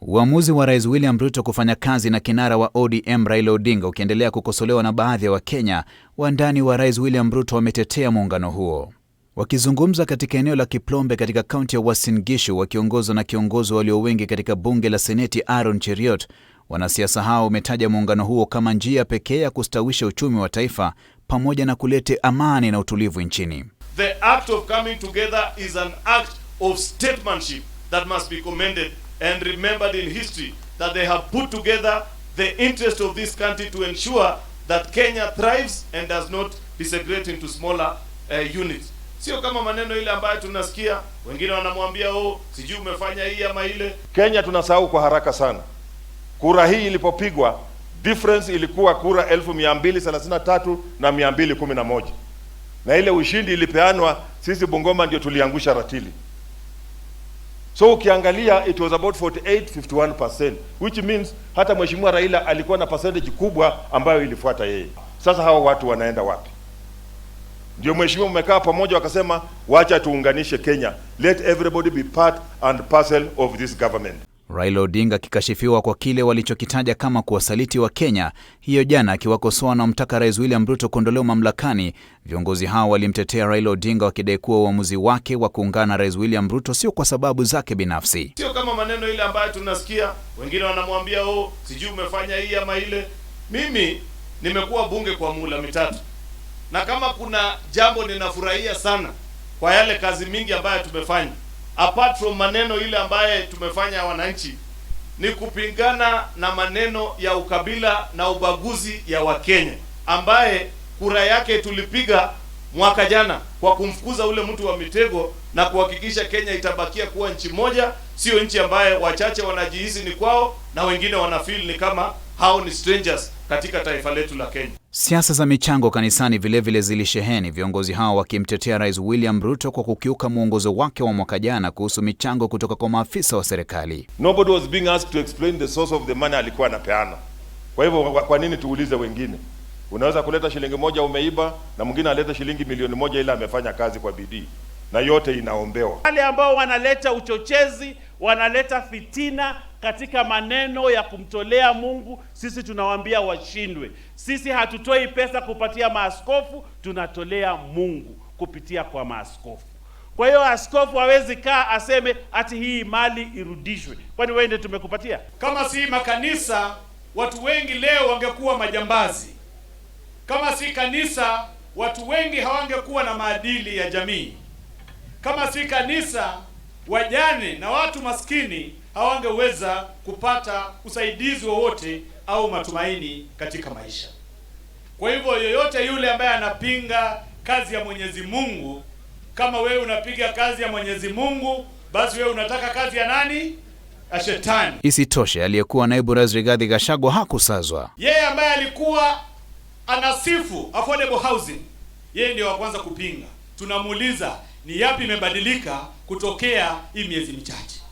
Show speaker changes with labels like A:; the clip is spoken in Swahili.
A: Uamuzi wa Rais William Ruto kufanya kazi na kinara wa ODM Raila Odinga ukiendelea kukosolewa na baadhi ya wa Wakenya, wandani wa Rais William Ruto wametetea muungano huo. Wakizungumza katika eneo la Kiplombe katika kaunti ya Uasin Gishu, wakiongozwa na kiongozi walio wengi katika bunge la Seneti Aaron Cheriot, wanasiasa hao wametaja muungano huo kama njia pekee ya kustawisha uchumi wa taifa pamoja na kulete amani na utulivu nchini.
B: The act of coming together is an act of statesmanship that must be commended and remembered in history that they have put together the interest of this country to ensure that Kenya thrives and does not disintegrate into smaller uh, units.
C: Sio kama maneno ile ambayo tunasikia wengine wanamwambia oh, sijui umefanya hii ama ile.
D: Kenya tunasahau kwa haraka sana. Kura hii ilipopigwa difference ilikuwa kura 1233 na 211, na ile ushindi ilipeanwa, sisi Bungoma ndio tuliangusha ratili. So ukiangalia it was about 48 51%, which means hata mheshimiwa Raila alikuwa na percentage kubwa ambayo ilifuata yeye. Sasa hawa watu wanaenda wapi? Ndio mheshimiwa, mmekaa pamoja wakasema, wacha tuunganishe Kenya, let everybody be part and parcel of this government.
A: Raila Odinga akikashifiwa kwa kile walichokitaja kama kuwasaliti wa Kenya hiyo jana, akiwakosoa na mtaka Rais William Ruto kuondolewa mamlakani. Viongozi hao walimtetea Raila Odinga wakidai kuwa uamuzi wake wa kuungana na Rais William Ruto sio kwa sababu zake binafsi,
E: sio kama maneno ile ambayo tunasikia wengine wanamwambia oh, sijui umefanya hii ama ile. Mimi nimekuwa bunge kwa muhula mitatu, na kama kuna jambo ninafurahia sana kwa yale kazi mingi ambayo tumefanya apart from maneno ile ambaye tumefanya wananchi ni kupingana na maneno ya ukabila na ubaguzi ya Wakenya ambaye kura yake tulipiga mwaka jana kwa kumfukuza ule mtu wa mitego na kuhakikisha Kenya itabakia kuwa nchi moja, sio nchi ambaye wachache wanajihisi ni kwao na wengine wanafeel ni kama hao ni strangers katika taifa letu la Kenya.
A: Siasa za michango kanisani vilevile zilisheheni, viongozi hao wakimtetea Rais William Ruto kwa kukiuka mwongozo wake wa mwaka jana kuhusu michango kutoka kwa maafisa wa serikali.
F: Nobody was being asked to explain the source of the money alikuwa anapeana. Kwa hivyo kwa nini tuulize wengine? Unaweza kuleta shilingi moja umeiba, na mwingine aleta shilingi milioni moja, ila amefanya kazi kwa bidii na yote inaombewa.
G: Wale ambao wanaleta uchochezi, wanaleta fitina katika maneno ya kumtolea Mungu, sisi tunawaambia washindwe. Sisi hatutoi pesa kupatia maaskofu, tunatolea Mungu kupitia kwa maaskofu. Kwa hiyo askofu hawezi kaa aseme ati hii mali irudishwe, kwani wewe ndiye tumekupatia?
H: Kama si makanisa, watu wengi leo wangekuwa majambazi. Kama si kanisa, watu wengi hawangekuwa na maadili ya jamii. Kama si kanisa, wajane na watu maskini hawangeweza kupata usaidizi wowote au matumaini katika maisha. Kwa hivyo yoyote yule ambaye anapinga kazi ya Mwenyezi Mungu, kama wewe unapiga kazi ya Mwenyezi Mungu, basi wewe unataka kazi ya nani? Ya shetani.
A: Isitoshe, aliyekuwa naibu rais Rigathi Gachagua hakusazwa.
H: Yeye ambaye alikuwa anasifu affordable housing, yeye ndiyo wa kwanza kupinga. Tunamuuliza, ni yapi imebadilika kutokea hii miezi michache?